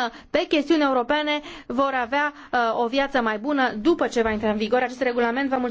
europeană uh, pe chestiuni europene vor avea uh, o viață mai bună după ce va intra în vigoare acest regulament. Vă